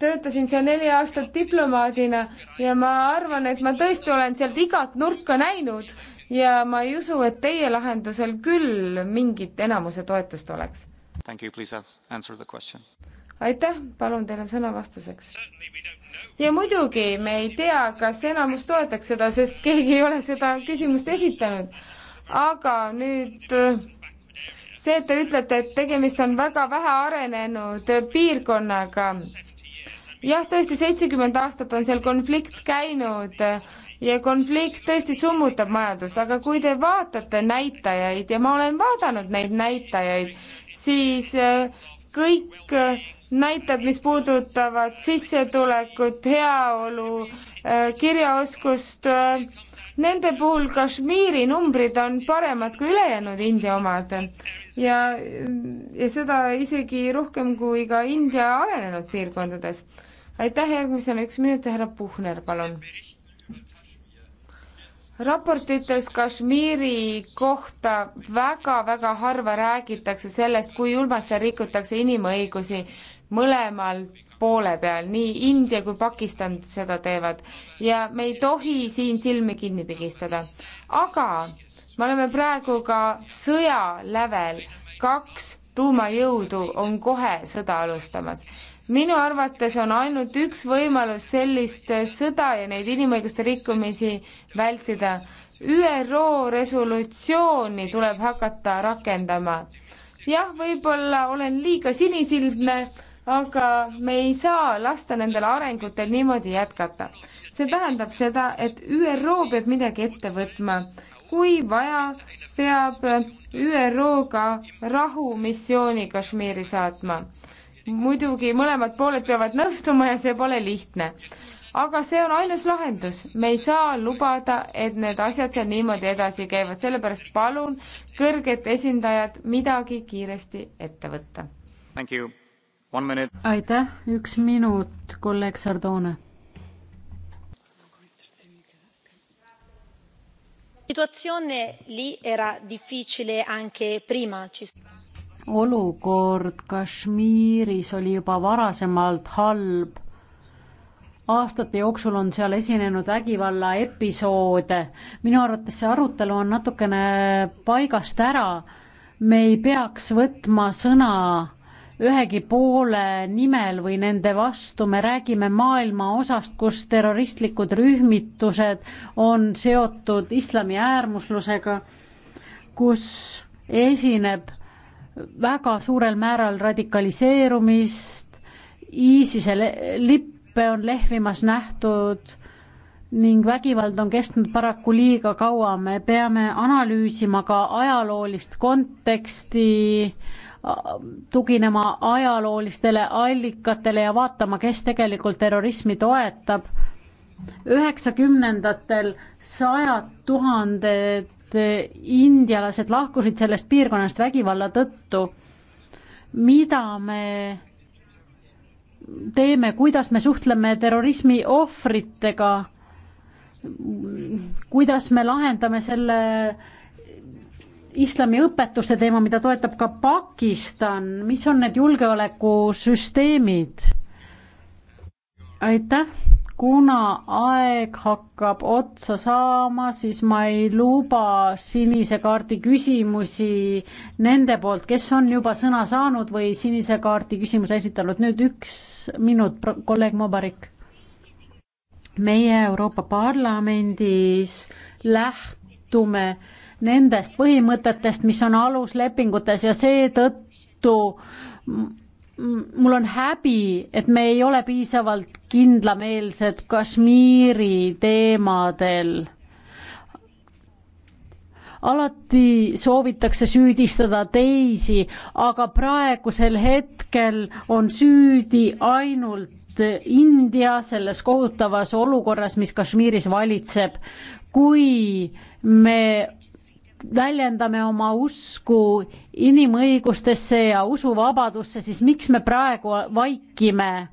Speaker 3: töötasin seal neli aastat diplomaadina ja ma arvan, et ma tõesti olen sealt igat nurka näinud ja ma ei usu, et teie lahendusel küll mingit enamuse toetust oleks.
Speaker 1: Thank you, please answer the question
Speaker 3: aitäh, palun, teil on sõna vastuseks. ja muidugi me ei tea, kas enamus toetaks seda, sest keegi ei ole seda küsimust esitanud. aga nüüd see, et te ütlete, et tegemist on väga vähe arenenud piirkonnaga. jah, tõesti, seitsekümmend aastat on seal konflikt käinud ja konflikt tõesti summutab majandust, aga kui te vaatate näitajaid ja ma olen vaadanud neid näitajaid, siis kõik näitab, mis puudutavad sissetulekut, heaolu, äh, kirjaoskust. Äh, nende puhul Kashmiri numbrid on paremad kui ülejäänud India omad ja, ja seda isegi rohkem kui ka India arenenud piirkondades. aitäh, järgmisena üks minut ja härra Puhner, palun. raportites Kashmiri kohta väga-väga harva räägitakse sellest, kui julmalt seal rikutakse inimõigusi mõlemal poole peal, nii India kui Pakistan seda teevad ja me ei tohi siin silmi kinni pigistada. aga me oleme praegu ka sõja lävel, kaks tuumajõudu on kohe sõda alustamas minu arvates on ainult üks võimalus sellist sõda ja neid inimõiguste rikkumisi vältida. ÜRO resolutsiooni tuleb hakata rakendama. jah, võib-olla olen liiga sinisilmne aga me ei saa lasta nendel arengutel niimoodi jätkata. see tähendab seda, et ÜRO peab midagi ette võtma. kui vaja, peab ÜRO ka rahumissiooni Kashmiri saatma. muidugi mõlemad pooled peavad nõustuma ja see pole lihtne aga see on ainus lahendus, me ei saa lubada, et need asjad seal niimoodi edasi käivad, sellepärast palun kõrget esindajat
Speaker 1: midagi kiiresti ette võtta. Thank you aitäh, üks minut, kolleeg Sardoone. olukord Kashmiris oli juba varasemalt halb. aastate jooksul on seal esinenud vägivalla episoode. minu arvates see arutelu on natukene paigast ära. me ei peaks võtma sõna ühegi poole nimel või nende vastu, me räägime maailma osast, kus terroristlikud rühmitused on seotud islami äärmuslusega, kus esineb väga suurel määral radikaliseerumist, ISISe lippe on lehvimas nähtud ning vägivald on kestnud paraku liiga kaua, me peame analüüsima ka ajaloolist konteksti, äh, tuginema ajaloolistele allikatele ja vaatama, kes tegelikult terrorismi toetab. üheksakümnendatel sajad tuhanded äh, indialased lahkusid sellest piirkonnast vägivalla tõttu. mida me teeme, kuidas me suhtleme terrorismi ohvritega kuidas me lahendame selle islamiõpetuste teema, mida toetab ka Pakistan, mis on need julgeolekusüsteemid? aitäh, kuna aeg hakkab otsa saama, siis ma ei luba sinise kaardi küsimusi nende poolt, kes on juba sõna saanud või sinise kaardi küsimuse esitanud, nüüd üks minut, kolleeg Mobarik meie Euroopa Parlamendis lähtume nendest põhimõtetest, mis on aluslepingutes ja seetõttu mul on häbi, et me ei ole piisavalt kindlameelsed Kashmiri teemadel. alati soovitakse süüdistada teisi, aga praegusel hetkel on süüdi ainult India selles kohutavas olukorras, mis Kashmiris valitseb. kui me väljendame oma usku inimõigustesse ja usuvabadusse, siis miks me praegu vaikime?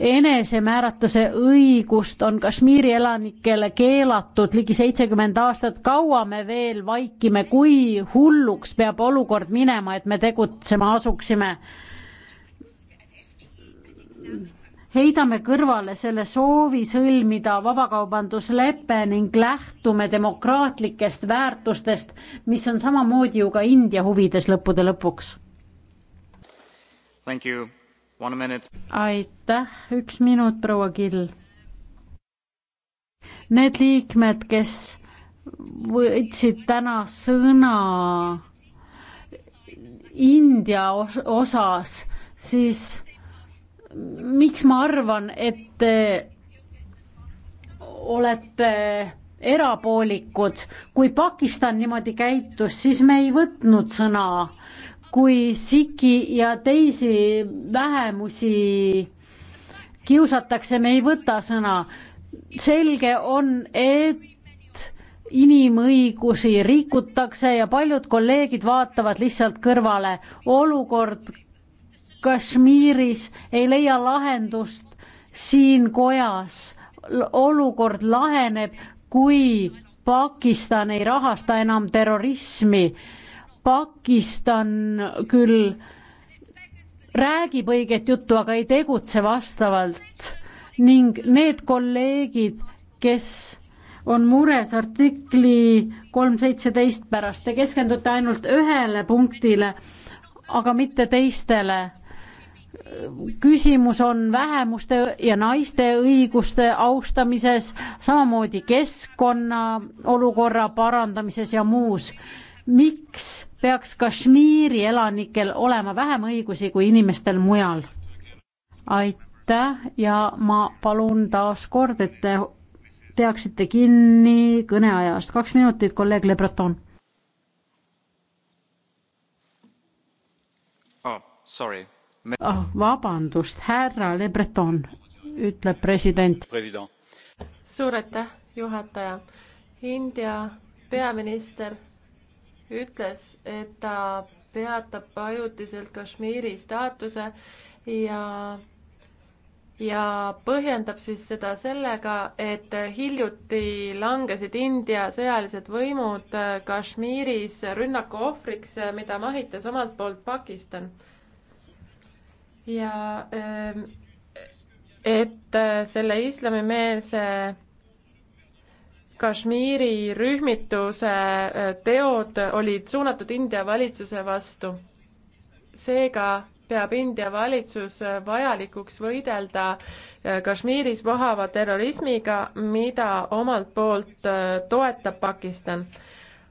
Speaker 1: enesemääratuse õigust on Kashmiri elanikele keelatud ligi seitsekümmend aastat, kaua me veel vaikime, kui hulluks peab olukord minema, et me tegutsema asuksime? heidame kõrvale selle soovi sõlmida vabakaubanduslepe ning lähtume demokraatlikest väärtustest, mis on samamoodi ju ka India huvides lõppude lõpuks. aitäh, üks minut, proua Kill. Need liikmed, kes võtsid täna sõna India osas, siis miks ma arvan, et te äh, olete erapoolikud, kui Pakistan niimoodi käitus, siis me ei võtnud sõna. kui Siki ja teisi vähemusi kiusatakse, me ei võta sõna. selge on, et inimõigusi rikutakse ja paljud kolleegid vaatavad lihtsalt kõrvale. olukord Kashmiris ei leia lahendust siin kojas. olukord laheneb, kui Pakistan ei rahasta enam terrorismi. Pakistan küll räägib õiget juttu, aga ei tegutse vastavalt ning need kolleegid, kes on mures artikli kolm seitseteist pärast, te keskendute ainult ühele punktile, aga mitte teistele küsimus on vähemuste ja naiste õiguste austamises, samamoodi keskkonna olukorra parandamises ja muus. miks peaks Kashmiri elanikel olema vähem õigusi kui inimestel mujal? aitäh ja ma palun taas kord, et te peaksite kinni kõneajast. kaks minutit, kolleeg Le Breton oh,. Sorry oh,. vabandust, härra Le Breton, ütleb president,
Speaker 2: president.. suur aitäh, juhataja. India peaminister ütles, et ta peatab ajutiselt Kashmiri staatuse ja, ja põhjendab siis seda sellega, et hiljuti langesid India sõjalised võimud Kashmiris rünnaku ohvriks, mida mahitas omalt poolt Pakistan ja ähm, et äh, selle islamimeelse Kashmiri rühmituse äh, teod olid suunatud India valitsuse vastu. seega peab India valitsus äh, vajalikuks võidelda Kashmiris vohava terrorismiga, mida omalt poolt toetab Pakistan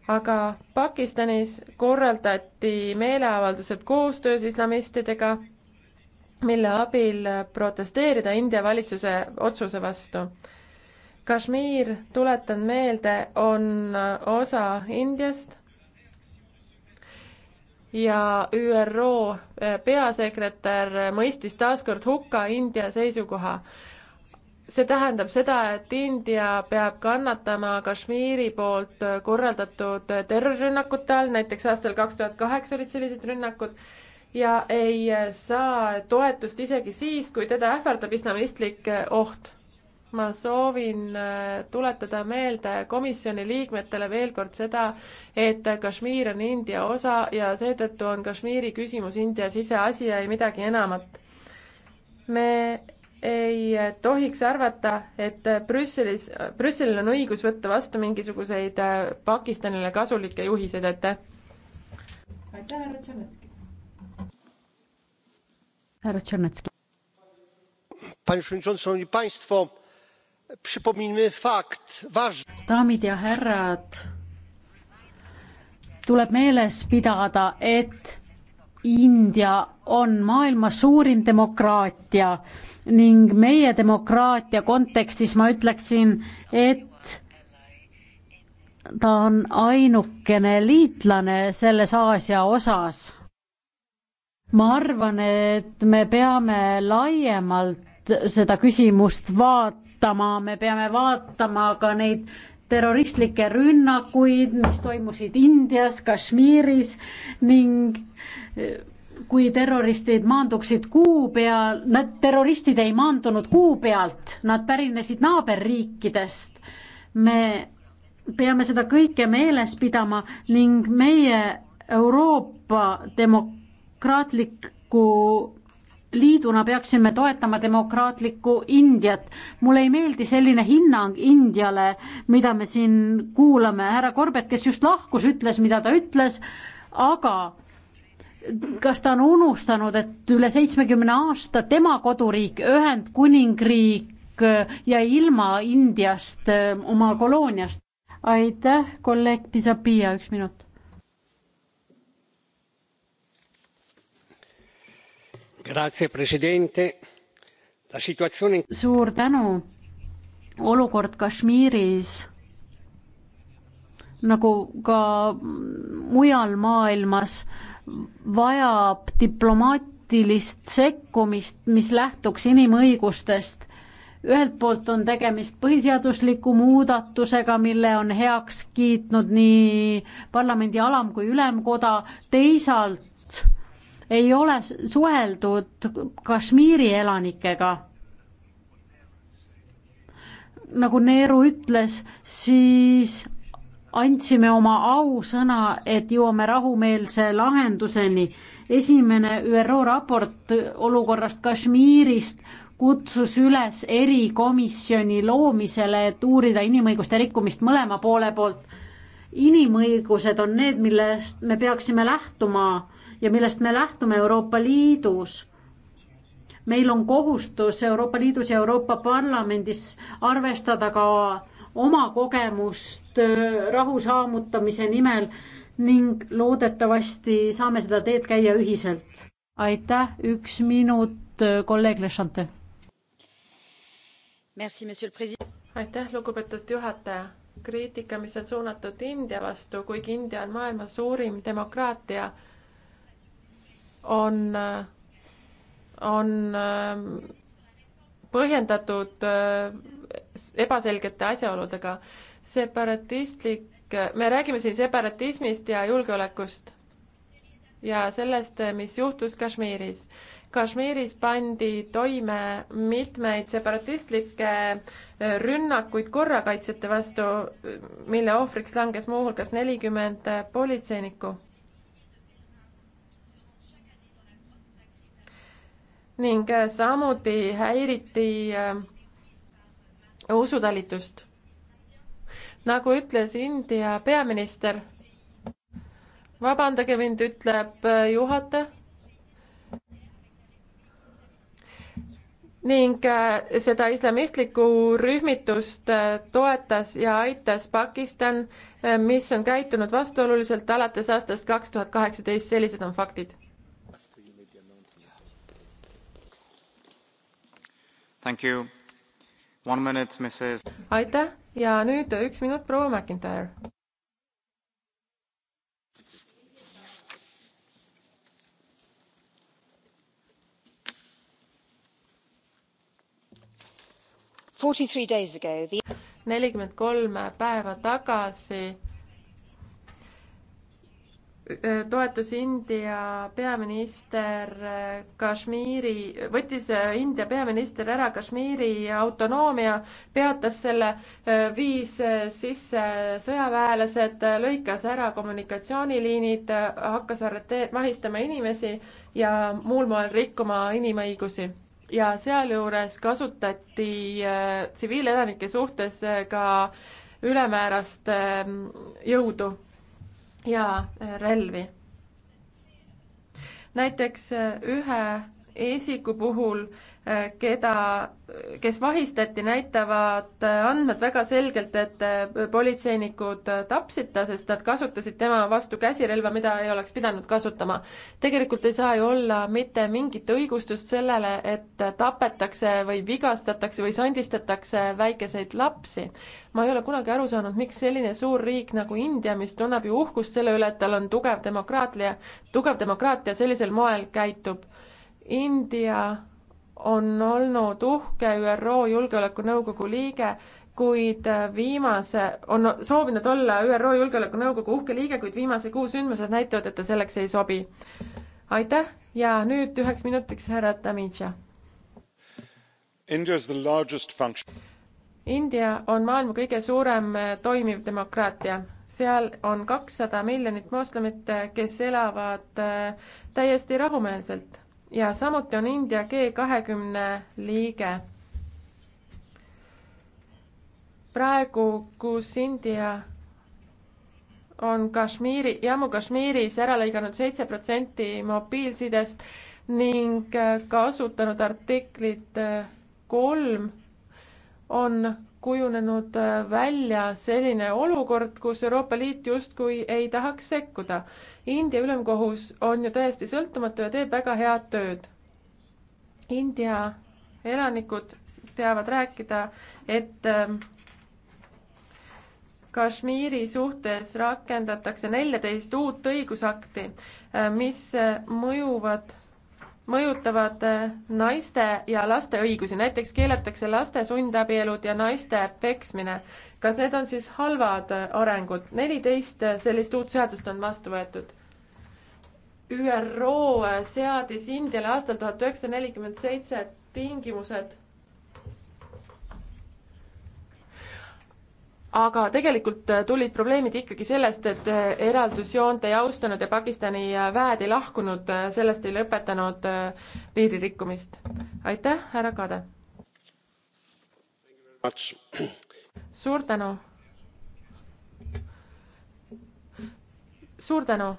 Speaker 2: aga Pakistanis korraldati meeleavaldused koostöös islamistidega mille abil protesteerida India valitsuse otsuse vastu. Kashmir, tuletan meelde, on osa Indiast ja ÜRO eh, peasekretär mõistis taaskord hukka India seisukoha. see tähendab seda, et India peab kannatama Kashmiri poolt korraldatud terrorirünnakute all, näiteks aastal kaks tuhat kaheksa olid sellised rünnakud ja ei saa toetust isegi siis, kui teda ähvardab islamistlik eh, oht. ma soovin eh, tuletada meelde komisjoni liikmetele veel kord seda, et Kashmir on India osa ja seetõttu on Kashmiri küsimus India siseasi ja ei midagi enamat. me ei tohiks arvata, et Brüsselis, Brüsselil on õigus võtta vastu mingisuguseid eh, Pakistanile kasulikke juhiseid, aitäh. aitäh, härra Tšernetski
Speaker 1: pani przewodnicząca! przypomnijmy fakt ważny. daamid ja härrad tuleb meeles pidada et india on maailma suurim demokraatia ning meie demokraatia kontekstis ma ütleksin et ta on ainukene liitlane selles aasia osas ma arvan, et me peame laiemalt seda küsimust vaatama, me peame vaatama ka neid terroristlikke rünnakuid, mis toimusid Indias, Kashmiris ning eh, kui terroristid maanduksid kuu peal, nad, terroristid ei maandunud kuu pealt, nad pärinesid naaberriikidest. me peame seda kõike meeles pidama ning meie Euroopa demok-, demokraatliku liiduna peaksime toetama demokraatlikku Indiat. mulle ei meeldi selline hinnang Indiale, mida me siin kuulame. härra Korbet, kes just lahkus, ütles, mida ta ütles, aga kas ta on unustanud, et üle seitsmekümne aasta tema koduriik, Ühendkuningriik jäi ilma Indiast, oma kolooniast? aitäh, kolleeg Pisapia, üks minut Situatsiooni... suur tänu. olukord Kashmiris nagu ka mujal maailmas vajab diplomaatilist sekkumist, mis lähtuks inimõigustest. ühelt poolt on tegemist põhiseadusliku muudatusega, mille on heaks kiitnud nii parlamendi alam- kui ülemkoda, teisalt ei ole suheldud Kashmiri elanikega. nagu Neeru ütles, siis andsime oma ausõna, et jõuame rahumeelse lahenduseni. esimene ÜRO raport olukorrast Kashmirist kutsus üles erikomisjoni loomisele, et uurida inimõiguste rikkumist mõlema poole poolt. inimõigused on need, millest me peaksime lähtuma ja millest me lähtume Euroopa Liidus. meil on kohustus Euroopa Liidus ja Euroopa Parlamendis arvestada ka oma kogemust äh, rahu saamutamise nimel ning loodetavasti saame seda teed käia ühiselt. aitäh, üks minut, äh, kolleeg Lechante.
Speaker 2: aitäh, lugupeetud juhataja. kriitika, mis on suunatud India vastu, kuigi India on maailma suurim demokraatia on, on ähm, põhjendatud äh, ebaselgete asjaoludega. separatistlik, äh, me räägime siin separatismist ja julgeolekust ja sellest, äh, mis juhtus Kashmiris. Kashmiris pandi toime mitmeid separatistlikke rünnakuid korrakaitsjate vastu, mille ohvriks langes muuhulgas nelikümmend politseinikku ning äh, samuti häiriti äh, usutalitust. nagu ütles India peaminister, vabandage mind, ütleb äh, juhataja. ning seda islamistlikku rühmitust toetas ja aitas Pakistan, mis on käitunud vastuoluliselt alates aastast kaks tuhat kaheksateist, sellised on faktid
Speaker 1: Minute,
Speaker 2: aitäh ja nüüd üks minut proua McIntyre. nelikümmend kolm päeva tagasi toetus India peaminister Kashmiri, võttis äh, India peaminister ära Kashmiri autonoomia, peatas selle, äh, viis äh, sisse sõjaväelased, lõikas ära kommunikatsiooniliinid, hakkas arreteer-, vahistama inimesi ja muul moel rikkuma inimõigusi ja sealjuures kasutati tsiviilelanike suhtes ka ülemäärast ähm, jõudu ja äh, relvi. näiteks äh, ühe isiku puhul keda, kes vahistati, näitavad andmed väga selgelt, et äh, politseinikud äh, tapsid ta, sest nad kasutasid tema vastu käsirelva, mida ei oleks pidanud kasutama. tegelikult ei saa ju olla mitte mingit õigustust sellele, et tapetakse või vigastatakse või sandistatakse väikeseid lapsi. ma ei ole kunagi aru saanud, miks selline suur riik nagu India, mis tunneb ju uhkust selle üle, et tal on tugev demokraatia, tugev demokraatia sellisel moel käitub. India on olnud uhke ÜRO Julgeolekunõukogu liige, kuid viimase, on soovinud olla ÜRO Julgeolekunõukogu uhke liige, kuid viimase kuu sündmused näitavad, et ta selleks ei sobi. aitäh ja nüüd üheks minutiks härra Tamidža. India on maailma kõige suurem toimiv demokraatia seal on kakssada miljonit moslemit, kes elavad äh, täiesti rahumeelselt ja samuti on India G kahekümne liige. praegu, kus India on Kashmiri, Jammu Kashmiris ära lõiganud seitse protsenti mobiilsidest ning äh, kasutanud artiklit äh, kolm, on kujunenud äh, välja selline olukord, kus Euroopa Liit justkui ei tahaks sekkuda. India ülemkohus on ju täiesti sõltumatu ja teeb väga head tööd. India elanikud teavad rääkida, et ähm, Kashmiri suhtes rakendatakse neljateist uut õigusakti, äh, mis äh, mõjuvad mõjutavad äh, naiste ja laste õigusi, näiteks keelatakse laste sundabielud ja naiste peksmine. kas need on siis halvad äh, arengud? neliteist äh, sellist uut seadust on vastu võetud. ÜRO seadis Indiale aastal tuhat üheksasada nelikümmend seitse tingimused aga tegelikult äh, tulid probleemid ikkagi sellest, et äh, eraldusjoont ei austanud ja Pakistani äh, väed ei lahkunud, sellest ei lõpetanud piiririkkumist. aitäh, härra Kade! suur tänu! suur tänu!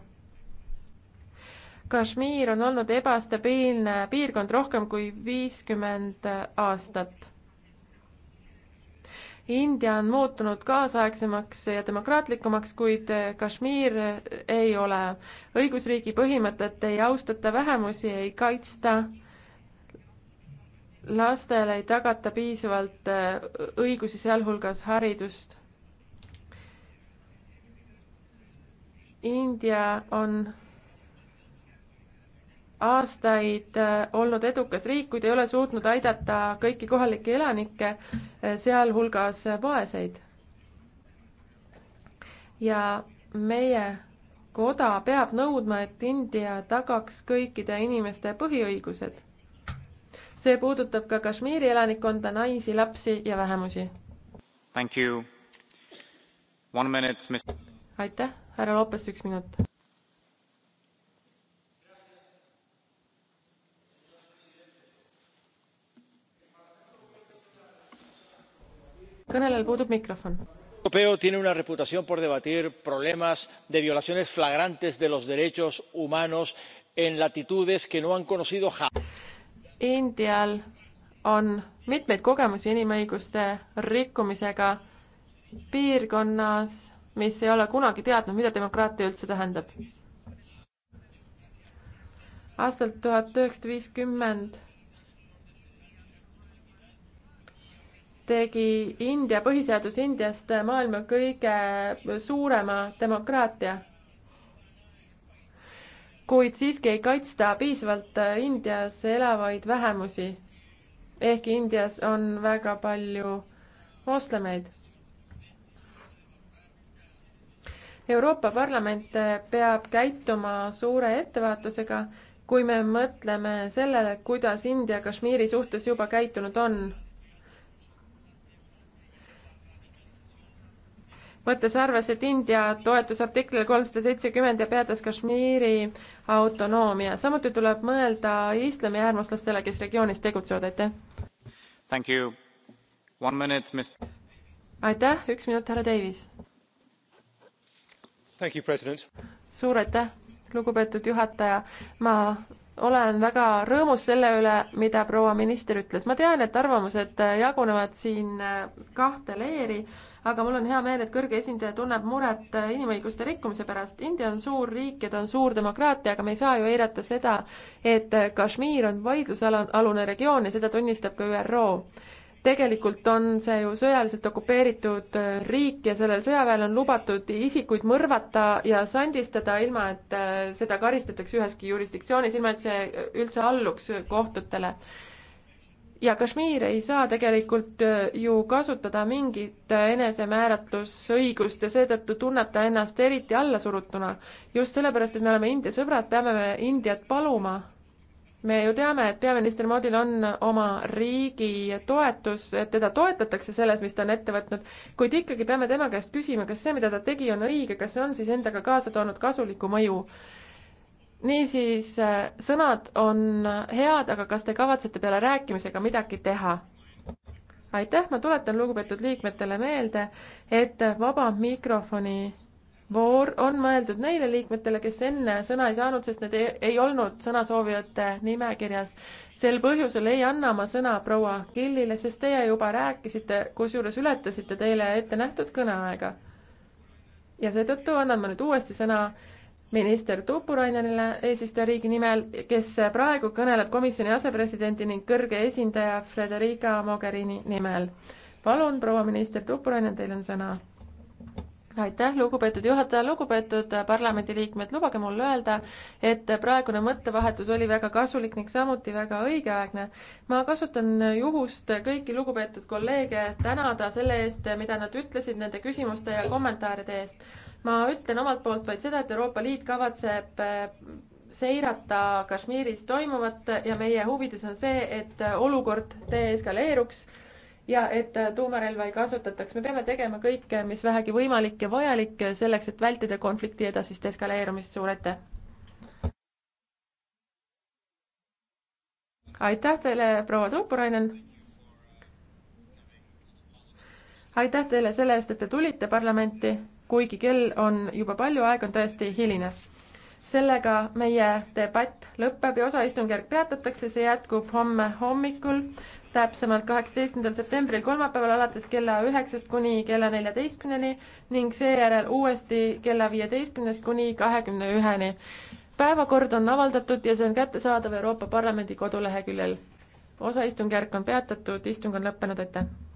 Speaker 2: Kashmir on olnud ebastabiilne piirkond rohkem kui viiskümmend aastat India on muutunud kaasaegsemaks ja demokraatlikumaks, kuid Kashmir ei ole. õigusriigi põhimõtet ei austata, vähemusi ei kaitsta, lastele ei tagata piisavalt õigusi, sealhulgas haridust. India on aastaid äh, olnud edukas riik, kuid ei ole suutnud aidata kõiki kohalikke elanikke, äh, sealhulgas äh, vaeseid. ja meie koda peab nõudma, et India tagaks kõikide inimeste põhiõigused. see puudutab ka Kashmiri elanikkonda, naisi, lapsi ja vähemusi. aitäh, härra Lopes, üks minut kõnelejal puudub mikrofon europeo tiene una reputación por debatir problemas de violaciones flagrantes de los derechos humanos en latitudes que no han conocido jamás. Indial on mitmeid kogemusi inimõiguste rikkumisega piirkonnas, mis ei ole kunagi teadnud, mida demokraatia üldse tähendab. aastal tuhat üheksasada viiskümmend tegi India põhiseadus Indiast maailma kõige suurema demokraatia. kuid siiski ei kaitsta piisavalt Indias elavaid vähemusi. ehkki Indias on väga palju moslemeid Euroopa Parlament peab käituma suure ettevaatusega, kui me mõtleme sellele, kuidas India Kashmiri suhtes juba käitunud on. võttes arvesse, et India toetus artiklile kolmsada seitsekümmend ja peatas Kashmiri autonoomia. samuti tuleb mõelda islami äärmuslastele, kes regioonis tegutsevad, aitäh. aitäh, üks minut, härra Davis. suur aitäh, lugupeetud juhataja, ma olen väga rõõmus selle üle, mida proua minister ütles. ma tean, et arvamused äh, jagunevad siin äh, kahte leeri, aga mul on hea meel, et kõrge esindaja tunneb muret äh, inimõiguste rikkumise pärast. India on suur riik ja ta on suur demokraatia, aga me ei saa ju eirata seda, et Kashmir on vaidlusalune regioon ja seda tunnistab ka ÜRO tegelikult on see ju sõjaliselt okupeeritud äh, riik ja sellel sõjaväel on lubatud isikuid mõrvata ja sandistada, ilma et äh, seda karistatakse üheski jurisdiktsioonis, ilma et see äh, üldse alluks kohtutele. ja Kashmir ei saa tegelikult ju kasutada mingit enesemääratlusõigust ja seetõttu tunneb ta ennast eriti allasurutuna. just sellepärast, et me oleme India sõbrad, peame me Indiat paluma me ju teame, et peaminister Moodil on oma riigi toetus, et teda toetatakse selles, mis ta on ette võtnud, kuid ikkagi peame tema käest küsima, kas see, mida ta tegi, on õige, kas see on siis endaga kaasa toonud kasulikku mõju. niisiis, äh, sõnad on head, aga kas te kavatsete peale rääkimisega midagi teha? aitäh, ma tuletan lugupeetud liikmetele meelde, et vaba mikrofoni voor on mõeldud neile liikmetele, kes enne sõna ei saanud, sest need ei, ei olnud sõnasoovijate nimekirjas. sel põhjusel ei anna ma sõna proua Killile, sest teie juba rääkisite, kusjuures ületasite teile ette nähtud kõneaega. ja seetõttu annan ma nüüd uuesti sõna minister Tuupurainenile eesistujariigi nimel, kes praegu kõneleb komisjoni asepresidendi ning kõrge esindaja Frederica Mogherini nimel. palun, proua minister Tuupurainen, teil on sõna aitäh, lugupeetud juhataja, lugupeetud parlamendiliikmed, lubage mul öelda, et praegune mõttevahetus oli väga kasulik ning samuti väga õigeaegne. ma kasutan juhust kõiki lugupeetud kolleege tänada selle eest, mida nad ütlesid nende küsimuste ja kommentaaride eest. ma ütlen omalt poolt vaid seda, et Euroopa Liit kavatseb äh, seirata Kashmiris toimuvat ja meie huvides on see, et olukord deeskaleeruks ja et äh, tuumarelva ei kasutataks. me peame tegema kõike, mis vähegi võimalik ja vajalik äh, selleks, et vältida konflikti edasist eskaleerumist. suur aitäh! aitäh teile, proua Tuupurainen! aitäh teile selle eest, et te tulite parlamenti, kuigi kell on juba palju, aeg on tõesti hiline sellega meie debatt lõpeb ja osaistungjärk peatatakse, see jätkub homme hommikul täpsemalt kaheksateistkümnendal septembril kolmapäeval alates kella üheksast kuni kella neljateistkümneni ning seejärel uuesti kella viieteistkümnest kuni kahekümne üheni. päevakord on avaldatud ja see on kättesaadav Euroopa Parlamendi koduleheküljel. osaistungjärk on peatatud, istung on lõppenud, aitäh!